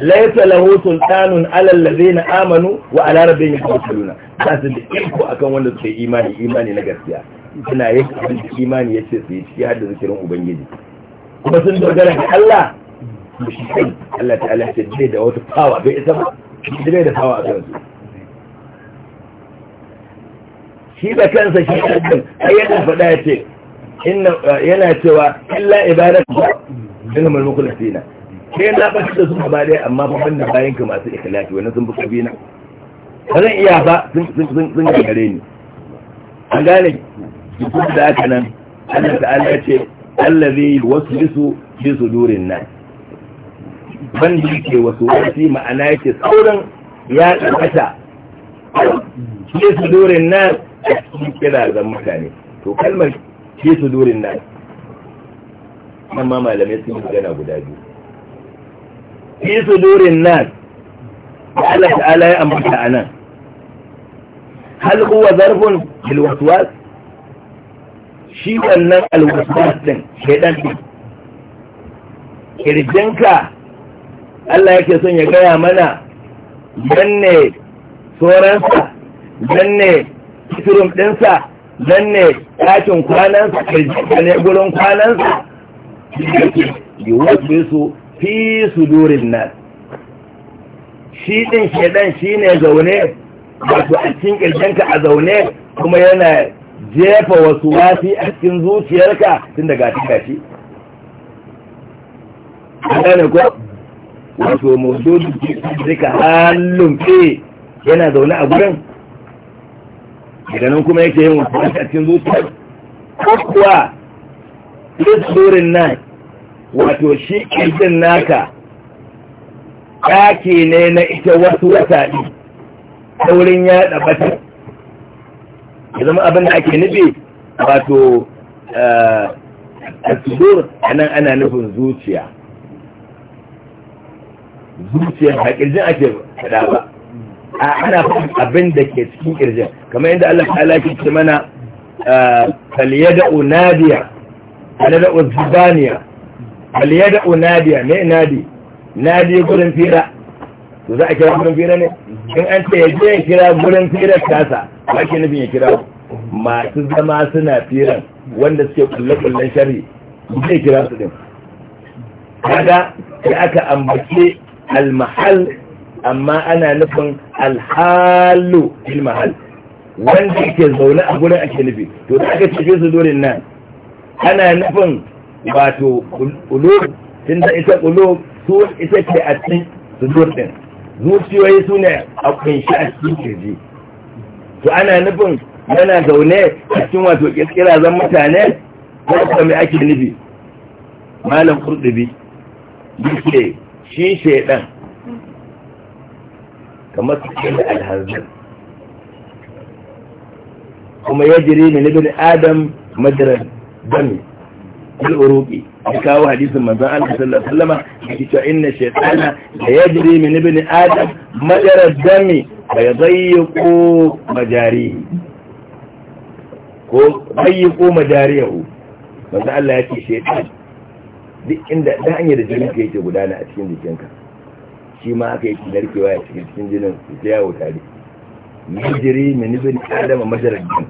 Speaker 1: laysa lahu sulqanun ala alladhina amanu wa ala rabbihim yatawassalu kasu da iko akan wanda suke imani imani na gaskiya kuna yake imani yace sai shi har da zikirin ubangiji kuma sun dogara ga Allah to shi Allah ta'ala ya ce da wata Power bai isa ba shi bai da Power a kansu shi da kansa shi ɗan ai yana faɗa ya ce yana cewa illa ibadatu minhum na mukhlasina sai na ba da su ba dai amma fa banda bayan ka masu ikhlasi wannan sun fi kabina ba zan iya ba sun sun sun gare ni an gane duk da haka nan
Speaker 2: Allah ta'ala ya
Speaker 1: ce allazi yuwaswisu fi sudurin ban wanda yake wasuwasi ma'ana yake sauran ya kasa fi sudurin nas a cikin kirazan mutane to kalmar fi sudurin nas nan ma malamai sun yi magana guda biyu fi sudurin nan, Allah ta'ala ya ambata anan hal huwa zarfun lil waswas shi wannan alwaswas din shaidan din kirjinka Allah yake son ya gaya mana nan ne tsoronsa nan ne kitirum ɗinsa nan ne ɗakin kwanansa kirjinka ne gurin kwanansa yi wasu su fi su durin nan shi ɗin shaidan shi ne zaune wato a cikin kirjinka a zaune kuma yana jefa wasu wasi a cikin zuciyarka tun da gashi gashi gane ko wato maududu duka halin ke yana zaune a gurin ganin kuma yake yin wasu wasi a cikin zuciyar kuwa tsorin nan wato shi ƙirgin naka ɗaki ne na ita wasu wasaɗi. ɗi saurin yaɗa bata ya zama abin da ake nufi wato eh, al A nan ana nufin zuciya zuciya a ƙirjin ake fada ba a ana fadin abin da ke cikin ƙirjin. kamar yadda Allah ta'ala ke ce mana eh, falyada'u nadiya falyada'u zibaniya falyada'u nadiya me nadi nadi gurin fira to za a kira gurin fira ne in an ce ya je kira gurin fira tasa ake nufin ya kira masu zama suna firan wanda suke kulle-kullen shari zai kira su din kaga sai aka ambace almahal amma ana nufin alhalu ilmahal wanda ke zaune a gurin ake nufi to da aka cike su dorin nan ana nufin wato ulub tun da ita ulub su ita ce a cikin su din zuciyoyi su ne a kunshi a cikin kirji to ana nufin yana zaune a cikin wato kirkirazan mutane ko kuma mai ake nufi malam kurdubi yake shi shaidan kamar cikin alhazar kuma ya jiri ne na adam madarar dami al'uruki ya kawo hadisin manzon Allah sallallahu alaihi wasallama yake cewa inna shaytana yajri min ibn adam majara dami fa yadayyiqu majari ko dayyiqu majariyahu manzon Allah yake shaytan duk inda da hanyar da jini ka yake gudana a cikin jikinka shi ma aka yi narkewa a cikin cikin jinin ya yawo tare yajri min ibn adam majara dami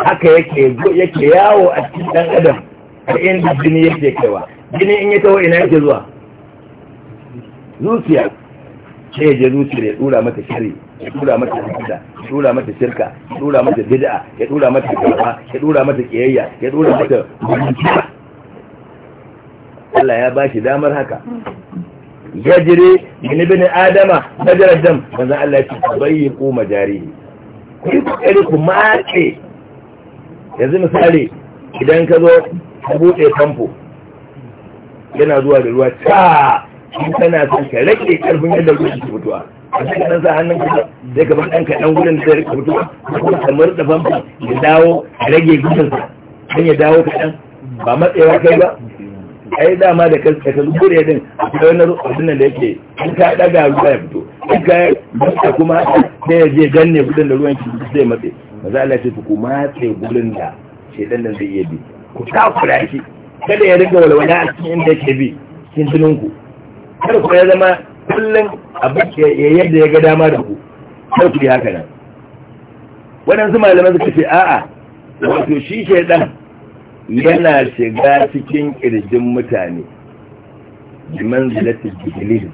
Speaker 1: haka yake yake yawo a cikin dan adam har inda jini yake kaiwa jini in ya kawai ina yake zuwa zuciya sai ya je zuciya ya dura mata shari ya dura mata hada ya dura mata shirka ya dura mata bid'a ya dura mata gaba ya dura mata kiyayya ya dura mata Allah ya ba shi damar haka ya jire bin ibn adama majalar dam manzo Allah ya ce bayyi ku majarihi ku yi kokari ku matse yanzu misali idan ka zo ta buɗe famfo yana zuwa da ruwa ta in tana son ka rage karfin yadda ruwan ke fitowa a cikin ɗan sa hannun ka sai ka bar ka ɗan gudun da zai rika fitowa kuma kamar da famfo ya dawo a rage gudunsa don ya dawo kaɗan ba matsayawa kai ba ai dama da kanka ka zubo da din akwai wani rubutun da yake in ka ɗaga ruwa ya fito in ka yi kuma sai ya je ganne gudun da ruwan ki zai matse za a ce ku matse gudun da shaidan nan zai iya bi ku takura shi kada ya riga walwala a cikin inda ke bi cikin tuninku kada ku ya zama kullum abin ya yadda ya ga dama da ku sai ku yi haka nan waɗansu malaman suka ce a'a wato shi ke ɗan. yana shiga cikin ƙirjin mutane jiman zilatin jihilin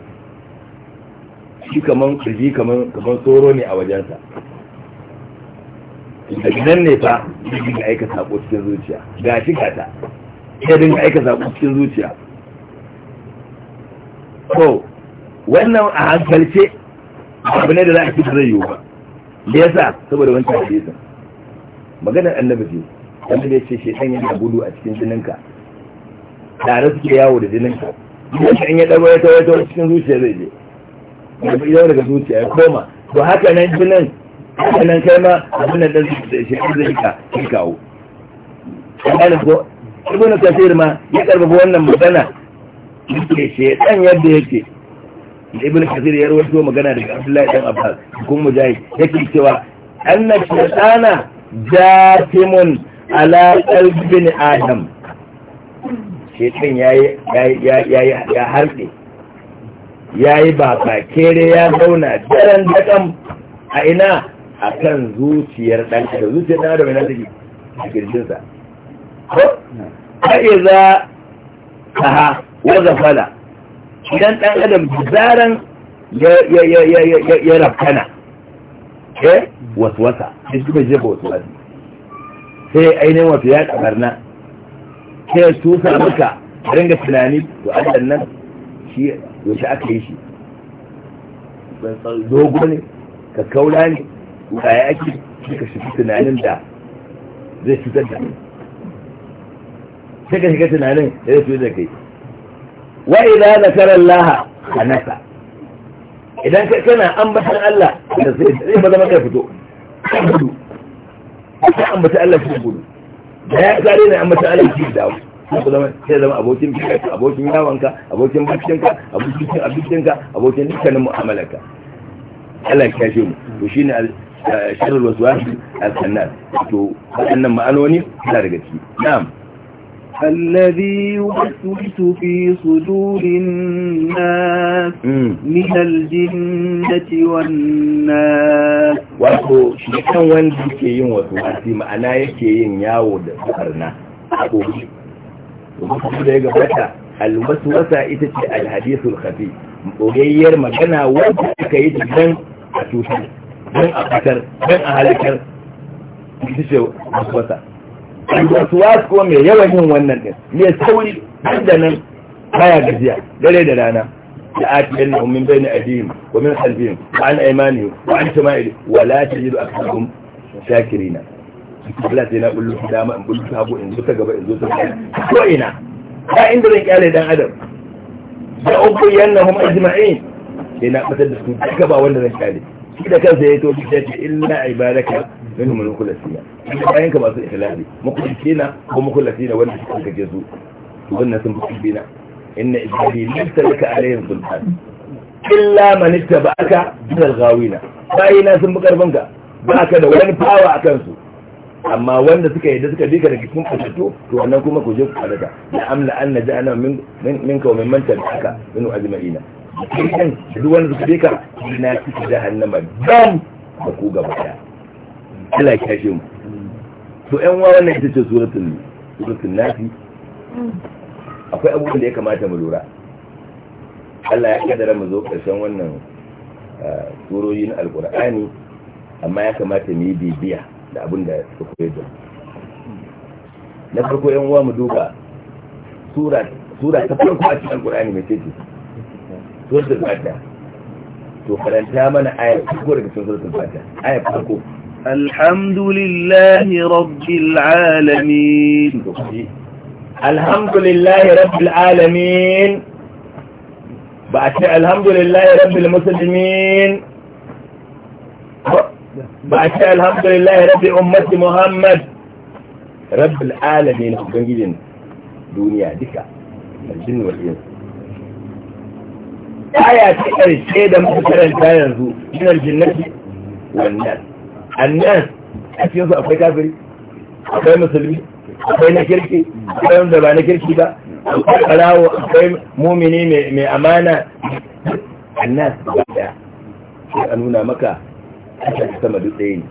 Speaker 1: shi kaman ƙirji kaman tsoro ne a wajensa nan ne fa ya dinga aika sako cikin zuciya ga shi gata ya dinga aika sako cikin zuciya Ko wannan a hankalce abu ne da za a fi zai yiwu ba da yasa saboda wancan hadisin maganar annabi ce annabi ya ce shedan yana gudu a cikin jininka tare suke yawo da jininka yadda in ya ɗago ya tawaye cikin zuciya zai je ya fi daga zuciya ya koma to haka nan jinin sannan kai ma abin da zai shi zai ka shi kawo an ko ibn kasir ma ya karba wannan magana yake dan yadda yake ibn kasir ya rawaito magana daga abdullahi dan abbas kun mujahid yake cewa anna shaytana jatimun ala qalbin adam shedan yayi yayi ya harbe yayi ba kere ya zauna daren dakan a ina a kan zuciyar ɗan adam zuciyar ɗan adam yana take a kirjinsa
Speaker 2: ƙa'i za
Speaker 1: ta ha waza fala idan ɗan adam zaren ya rafkana Ke waswasa ya shi bai jefa waswasa sai ainihin wasu ya na. sai su sa maka ringa tunani to allan nan shi yaushe aka yi shi dogo ne ka kaula ne ga ya ake suka shiga tunanin da zai cutar da suka shiga tunanin da zai cutar da kai wa idan da karar laha a nasa idan kana ambatar Allah da zai ba zama kai fito gudu ka ambatar Allah shi gudu da ya kare na ambatar Allah shi da ku zama sai zama abokin fikarka abokin yawanka abokin bakinka abokin abincinka abokin dukkanin mu'amalarka Allah ya kashe mu to shine sharrul wasu al-khannas to waɗannan ma'anoni suna daga ciki na'am su
Speaker 2: يوسوس في صدور الناس da ciwon na. wato shi
Speaker 1: kan wanda yake yin wasu wasu, ma'ana yake yin yawo da tsarna a gobe da bata gabata wasa ita ce alhadisul khafi boyayyar magana wanda aka yi dan a tutar don a fitar don a halakar kishe wasuwasa wasuwas ko mai yawan yin wannan ɗin mai sauri har da nan baya gajiya dare da rana da atiyar na umin bai na adihim wa min halbihim wa an aimaniyu wa an shama'ili wa Wala ta yi jiru a kasarun shakirina Allah sai na bullu dama in bullu hagu in zo ta gaba in zo ta gaba ko ina ba inda zan kyale dan adam da ubayyanahum ajma'in sai na fitar da su gaba wanda zan kyale shi da kansa ya tobi ta ce illa ibadaka minhum al-mukhlasina inda bayan ka masu ikhlasi mukhlasina ko mukhlasina wanda suka kake su wannan sun fi bina inna ibadi laysa laka alayhim sultan illa man ittaba'aka min al-ghawina bayina sun bi karbanka ba ka da wani fawa a kansu. amma wanda suka yi da suka bi ka da kifin fatattu to wannan kuma ku je ku fadada la amla anna ja'ana min minka wa mimman tabi'aka min ajma'ina duk wani da duk wanda suka beka na da jahannama dam da ku gaba ɗaya Allah ya kashe mu to ƴan wa wannan ita ce suratul suratul nafi akwai abubuwan da ya kamata mu lura Allah ya kaddara mu zo karshen wannan ah, surori alqur'ani amma ya kamata mu yi bibiya da abin da suka koyar da na farko yan uwa mu duka sura ta farko a cikin alqur'ani mai ce آية
Speaker 2: آية الحمد لله رب العالمين الحمد لله رب العالمين بعد الحمد لله رب
Speaker 1: المسلمين بعد الحمد لله رب أمة محمد رب العالمين بنجدين دنيا ديكا الجن والإنس
Speaker 2: aya ta ƙarshe da muka
Speaker 1: karanta yanzu min aljinnati wannan annan a cikin su akwai kafiri akwai musulmi akwai na kirki akwai wanda ba na kirki ba akwai karawo akwai mumini mai amana annan ba ɗaya. sai a nuna maka kasar sama duk ɗaya ne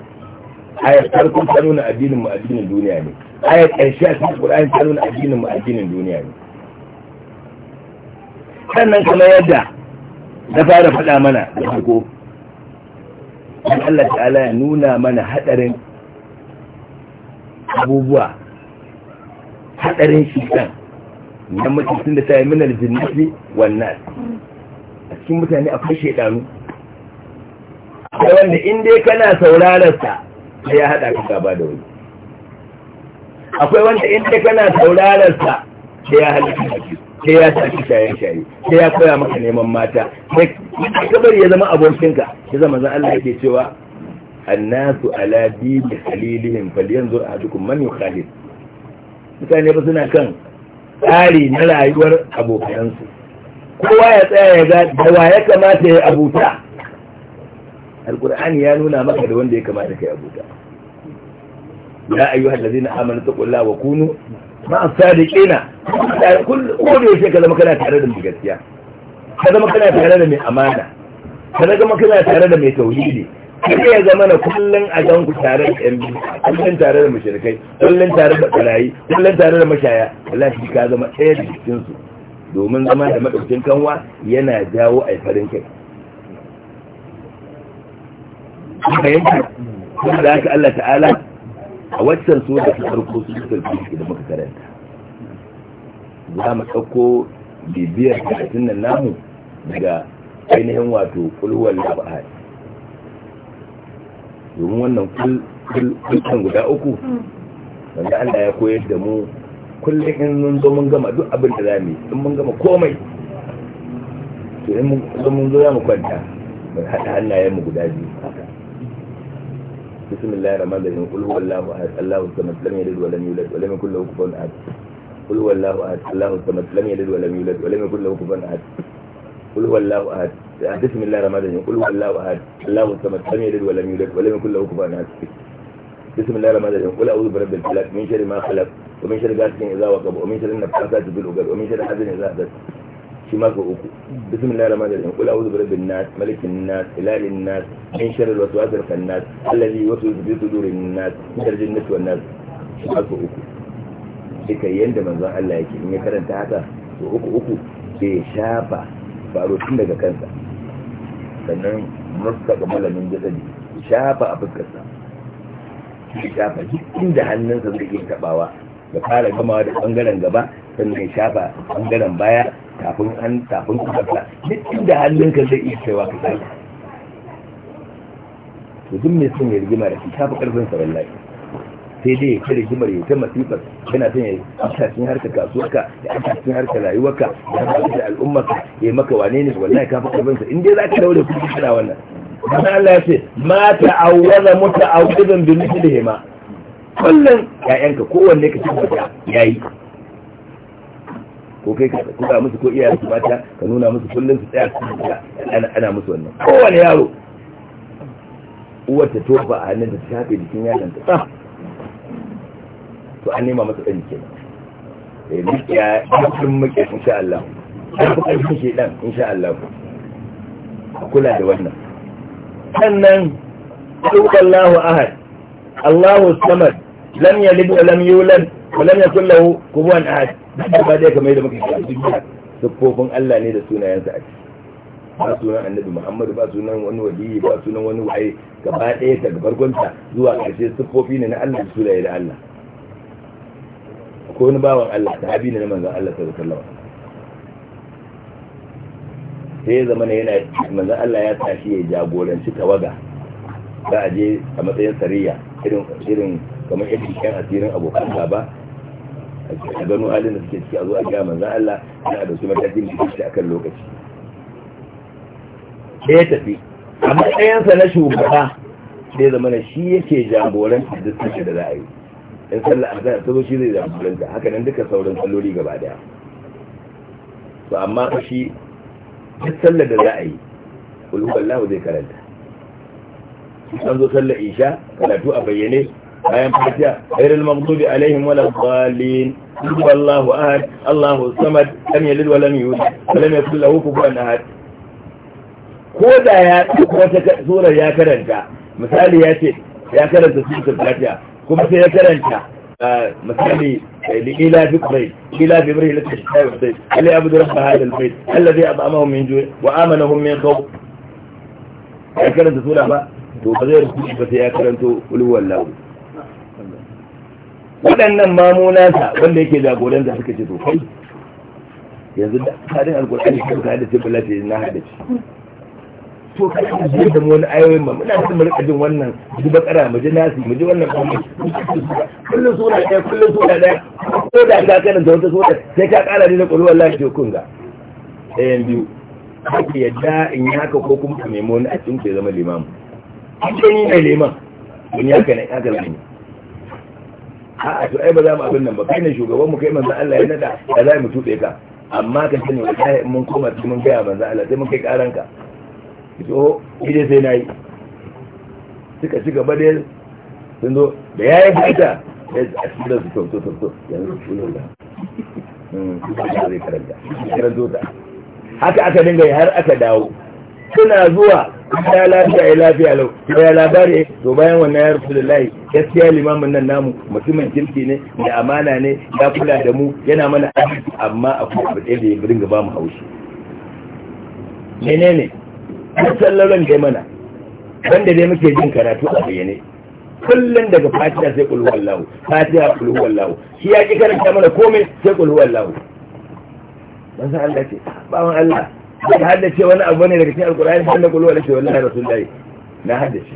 Speaker 1: ayar farko ta nuna addinin mu addinin duniya ne ayar ƙarshe a cikin ƙur'ani ta nuna addinin mu addinin duniya ne sannan kamar yadda na fara faɗa mana da farko dan Allah ta'ala ya nuna mana hadarin abubuwa hadarin shidan na mutum da ta yi minar jinnati wannan a cikin mutane akwai shaidanu akwai wanda inda ya kana saurararsa da ya haɗa ka ba da wani akwai wanda inda ya kana saurararsa da ya haɗa ka sai ya saki shaye-shaye sai ya koya maka neman mata sai kabari ya zama abokinka ya zama zan Allah yake cewa annasu ala dini khalilihim falyanzur ahadukum man yukhalil mutane ba suna kan tsari na rayuwar abokanansu kowa ya tsaya ya ga da wa ya kamata ya abuta alkur'ani ya nuna maka da wanda ya kamata ka yi abuta ya ayyuhal ladina amanu taqullaha wa kunu ma sadiqina kullu ko da ce ka zama kana tare da mai gaskiya
Speaker 2: ka zama kana tare da
Speaker 1: mai amana ka zama kana tare da mai tauhidi ka ya zama na kullum a ganku ku tare da yan biyu kullum tare da mashirkai kullum tare da barayi kullum tare da mashaya wallahi ka zama ɗaya da jikinsu, domin zama da maɗaukin kanwa yana jawo a farin kai fahimta kuma da haka Allah ta'ala a waccan su da su farko su suka fi da muka karanta za mu ɗauko bibiyar karatun nan namu daga ainihin wato kulhuwar labar domin wannan kulkan guda uku wanda Allah ya koyar da mu kullum in mun zo mun gama duk abin da za mu yi mun gama komai to in mun zo mun zo za mu kwanta mu haɗa hannayen mu guda biyu بسم الله الرحمن الرحيم قل هو الله احد الله الصمد لم يلد ولم يولد ولم يكن له كفوا احد قل هو الله احد الله الصمد لم يلد ولم يولد ولم يكن له كفوا احد قل هو الله احد بسم الله الرحمن الرحيم قل هو الله احد الله الصمد لم يلد ولم يولد ولم يكن له كفوا احد بسم الله الرحمن الرحيم قل اعوذ برب الفلق من شر ما خلق ومن شر غاسق اذا وقب ومن شر النفاثات في العقد ومن شر حزن اذا حدث shi ma sau uku bismillahir rahmanir rahim qul a'udhu birabbin nas malikin nas ilahin nas min sharril waswasil khannas allazi yuwaswisu fi sudurin nas min jinnati wan nas shi ma sau uku duka yanda manzon Allah yake in ya karanta haka sau uku uku ke shafa faro tun daga kansa sannan murka ga malamin jasadi shafa a fuskarsa shi shafa duk da hannunsa zai iya tabawa da fara gamawa da bangaren gaba sannan shafa bangaren baya kafin an tafin kafarka duk inda hannunka zai iya cewa ka sai to duk mai son ya rigima da shi ta fi karfin sa wallahi sai dai ya kai rigimar ya ta masifar yana son ya amsa cikin harkar kasuwarka ya amsa cikin harkar rayuwarka ya amsa da al'ummarka ya maka wane ne wallahi ka fi karfin sa in dai za ka dawo da kuɗi kana wannan dan Allah ya ce ma muta awqidan bi mithlihima kullun ya'yanka kowanne ka ci ya yayi ko kai ka kuka musu ko iyayen su mata ka nuna musu kullum su tsaya su ana ana musu wannan kowane yaro uwar ta tofa a hannun ta shafe jikin yaron ta to an nema masa ɗan kenan da ya mikiya ɗan muke insha Allah ɗan kuka yi shi ɗan insha Allah ku kula da wannan sannan Allahu ahad Allahu samad lam yalid wa lam yulad wa lam yakul lahu kufuwan ahad duk ba dai kamar yadda muka yi a duniya siffofin Allah ne da sunayensa a ciki ba sunan annabi muhammadu ba sunan wani waliyi ba sunan wani waye gaba ɗaya daga farkonta zuwa ƙarshe siffofi ne na Allah da sunaye da Allah ko wani bawan Allah habi ne na manzan Allah ta alaihi lawa sai ya zama yana manzan Allah ya tashi ya jagoranci tawaga za a je a matsayin sariya irin kamar irin kan asirin abokan gaba a gano halin da suke ciki a zo a ga manzan Allah na a dauki matakin da a kan lokaci da ya tafi a matsayinsa na shugaba sai zama na shi yake jagoranta duk sashi da za a yi in sallah a zai tazo shi zai da haka nan duka sauran salloli gaba daya to amma shi duk sallar da za a yi kulhu zai karanta an zo sallar isha karatu a bayyane bayan fatiha ghairil maghdubi alaihim waladdallin qul wallahu ahad allahu samad lam yalid wa yulad wa lam yakul lahu kufuwan ahad ko da ya wata sura ya karanta misali ya ce ya karanta suratul fatiha kuma sai ya karanta مثالي لإلاف قريب إلاف إبره للتشتاء والصيف هل يعبد رب هذا البيت الذي أطعمهم من جوع وآمنهم من خوف يا كرنت تقول أبا وغير كيف يا كرنت أولو اللون waɗannan mamunansa wanda yake jagoranta suka ce to kai yanzu da tsarin alkur'ani kan ka da tabbala ce na hada ce to kai ka ji da wani ayoyi ma muna da mu rika jin wannan ji bakara mu ji nasi mu ji wannan kuma kullun sura ɗaya kullun sura ɗaya ko da ka da wata sura sai ka ƙara ne da ƙulu wallahi ke kun ga ɗayan biyu kake yadda in yi haka ko kuma ka nemi wani a cikin ke zama limamu an ce yi mai liman wani haka na haka ne a to ai ba za mu abin nan ba kai ne shugaban mu kai manzo Allah ya nada da za mu tuɗe ka amma ka sani wa in mun koma mun gaya manzo Allah sai mun kai karan ka to ide oh, sai nayi suka ci gaba da sun zo da yayi fita sai a cikin da su to to to yanzu ku ne da hmm, zai karanta haka aka dinga har aka dawo suna zuwa ya lafiya ya lafiya lau ya labari to bayan wannan ya rufu ya gaskiya limamin nan namu mutumin kirki ne da amana ne ya kula da mu yana mana aiki amma akwai abu ɗaya da ya birin gaba mu haushi menene kusan sallaron da mana wanda dai muke jin karatu a bayyane kullum daga fatiha sai kulhu wallahu fatiha kulhu wallahu shi ya ƙi karanta mana komai sai kulhu wallahu san Allah ce ba wani Allah ba haddace wani abu ne daga cikin alkur'ani sai na kullu wala shi wallahi rasulullahi na haddace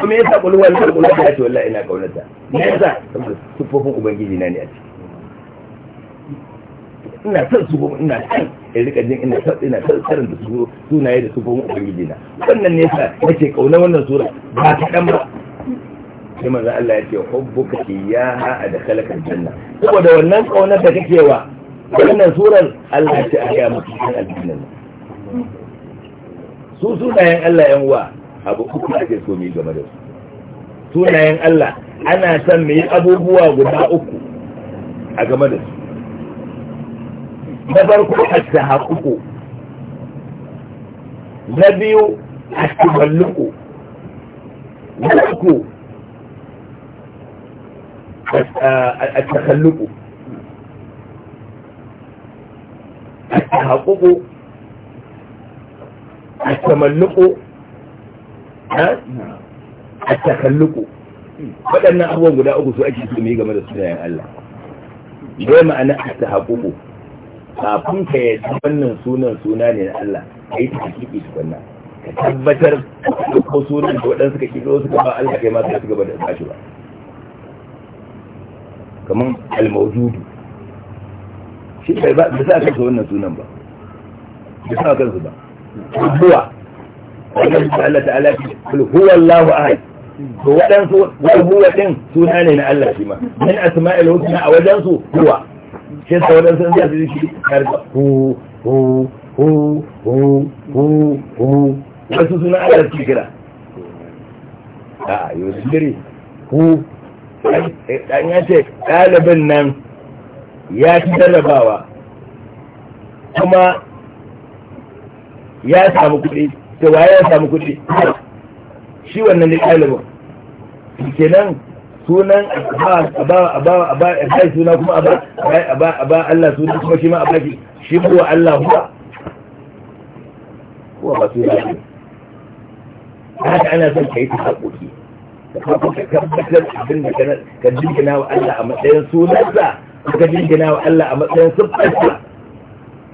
Speaker 1: kuma yasa kullu wala kullu wala shi wallahi ina kaunata me yasa saboda ubangiji na ne a ciki ina son su ina son in rika jin ina son ina son karin da su sunaye da tufofin ubangiji na wannan ne yasa nake kauna wannan sura ba ta dan ba sai manzo Allah ya ce hubbuka iyaha adkhalaka aljanna saboda wannan kaunar da kake wa wannan surar Allah ce a gaya mutu cikin nan. su sunayen Allah yan uwa abu uku ake so mu game da su sunayen Allah ana son mu yi abubuwa guda uku a game da su na farko a tahakuku na biyu a tuballuku na uku a takalluku A a التحقق a التخلق waɗannan abubuwan guda uku su ake su mai game da sunayen Allah bai ma'ana a ta kafin ka yi wannan sunan suna ne na Allah ka yi ta kiki tukunna ka tabbatar ko sunan da waɗansu ka kiro suka ba Allah kai ma su gaba da ba shi ba kamar al-mawjudu shi bai ba a kansa wannan sunan ba bai sa kansu ba huwa wannan Allah ta'ala ce kul huwallahu ahad to wadansu wal huwa din suna ne na Allah shi ma min asma'il husna a su, huwa shi sa wadansu sun ji shi karba hu hu hu hu hu hu wasu suna Allah su kira a yau sirri hu an yace ɗalibin nan ya fi jarrabawa kuma ya samu kuɗi ta waye ya samu kuɗi shi wannan ne ɗalibin kenan sunan a ba a suna kuma a ba Allah suna kuma shi ma a baki shi kuwa Allah kuwa kuwa ba su yi haka ana son ka yi ta haƙoƙi da kuma ka tabbatar abin da ka jirgina wa Allah a matsayin sunansa suka jingina wa Allah a matsayin siffarsa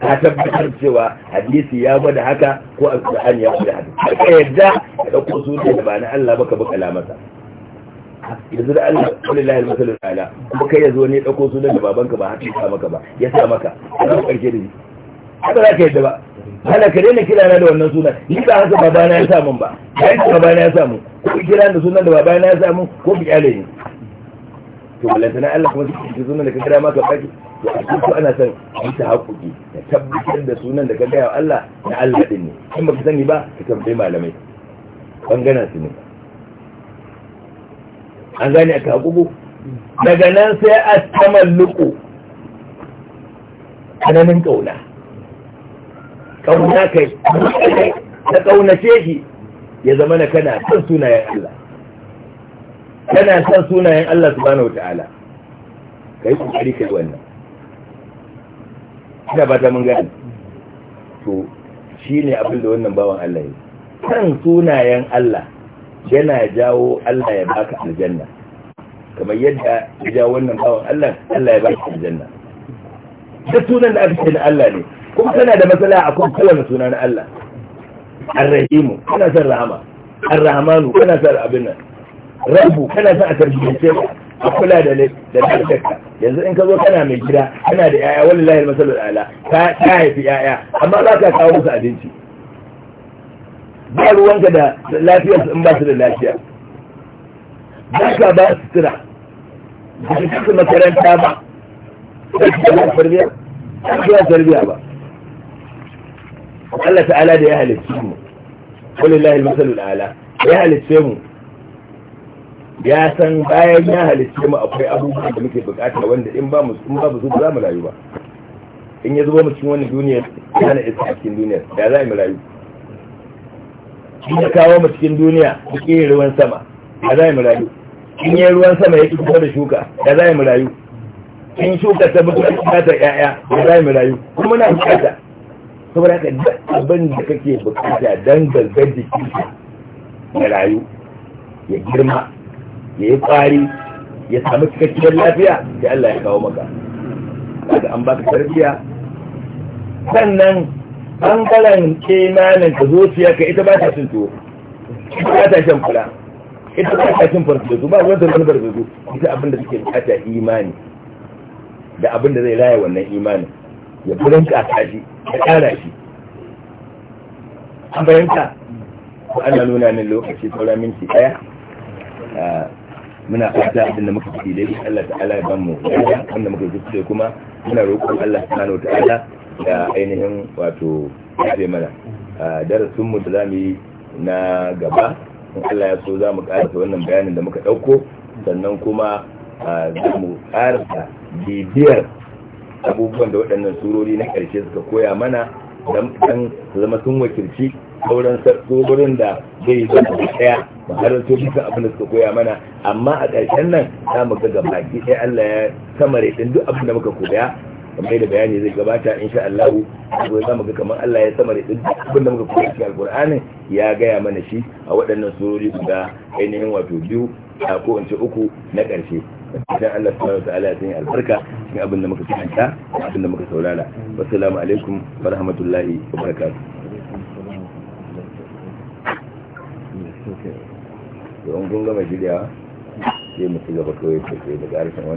Speaker 1: ka tabbatar cewa hadisi ya gwada haka ko alƙur'an ya gwada haka har ka yadda ka ɗauko sunan da ba na Allah ba ka bi kalamarsa yanzu da Allah wallahi almasalul ala kuma kai yazo ne ɗauko sunan da babanka ba haka ya maka ba ya sa maka ka karshe da shi haka za ka yadda ba hana ka daina kira na da wannan sunan ni ba haka babana ya samu ba yayin da babana ya samu ko kira da sunan da babana ya samu ko bi kyale ne to balantana Allah kuma zai sunan da ka gada maka baki to a cikin su ana son yi ta haƙuƙi ka tabbatar da sunan da ka gaya wa Allah na Allah din ne in ka sani ba ka tambayi malamai bangaren su ne an gane aka haƙuƙu daga nan sai a luƙo. kananin ƙauna ƙauna kai na ƙaunace shi ya zama na kana kan sunayen Allah kana son sunayen Allah subhanahu wata'ala kai kokari kai wannan ina ba ta mun gani to shine abin da wannan bawan Allah yi kan sunayen Allah yana jawo Allah ya baka aljanna kamar yadda ya jawo wannan bawan Allah Allah ya baka aljanna duk sunan da aka ce na Allah ne kuma kana da matsala a kan kallon suna na Allah ar-rahimu kana san rahama ar-rahmanu kana san abin nan rabu kana son a tarbiyyance ba a kula da lafiyarka yanzu in ka zo kana mai gida kana da yaya wani lahir masalar ala ka haifi yaya amma za ka kawo musu abinci ba ruwanka da lafiyarsu in ba su da lafiya ba ka ba su tura ba su kasu makaranta ba ba su kasu tarbiya ba su kasu tarbiya ba Allah ta'ala da ya halicci mu wani lahir masalul ala ya halicce mu ya san bayan ya halitta mu akwai abubuwa da muke bukata wanda in ba mu in ba su za mu rayu ba in ya zuba mu cikin wannan duniya ya na isa cikin duniya, ya za mu rayu in ya kawo mu cikin duniya cikin ruwan sama ya za mu rayu in ya ruwan sama ya fito da shuka ya za mu rayu in shuka ta mutu ta yaya ya za mu rayu kuma muna bukata saboda haka da abin da kake bukata dan gangan jiki ya rayu ya girma ya yi kwari ya samu cikakkiyar lafiya da Allah ya kawo maka daga an baka tarbiya sannan bangaren kimanin ka zuciya ka ita ba ta cin tuwo ita ba ta shan fura ita ba ta cin farfesu ba wanda wani farfesu ita abinda suke bukata imani da abinda zai raya wannan imanin ya burin ka shi ya kara shi an bayanta ko ana nuna min lokaci saura minti daya ah, muna fata abin muka fi dai Allah ta'ala ya bamu wanda muka kuskure kuma muna roƙon Allah subhanahu ta'ala da ainihin wato ya mana darasin mu da zamu yi na gaba in Allah ya so zamu karanta wannan bayanin da muka dauko sannan kuma zamu karanta bibiyar abubuwan da waɗannan surori na ƙarshe suka koya mana dan zama sun wakilci sauran sarkogurin da zai zama da ɗaya ba har su bisa abin da suka koya mana amma a ƙarshen nan za mu ga gabaki sai Allah ya samare ɗin duk abin da muka koya kamar da bayani zai gabata in sha Allah ko za mu ga kamar Allah ya samare ɗin duk abin da muka koya cikin Alƙur'ani ya gaya mana shi a waɗannan surori guda ainihin wato biyu ko in ce uku na ƙarshe idan Allah subhanahu ta'ala ya sanya albarka cikin abin da muka karanta abin da muka saurara Assalamu alaikum wa rahmatullahi wa barakatuh to in kun gama shirya sai mu ci
Speaker 3: gaba kawai da ke daga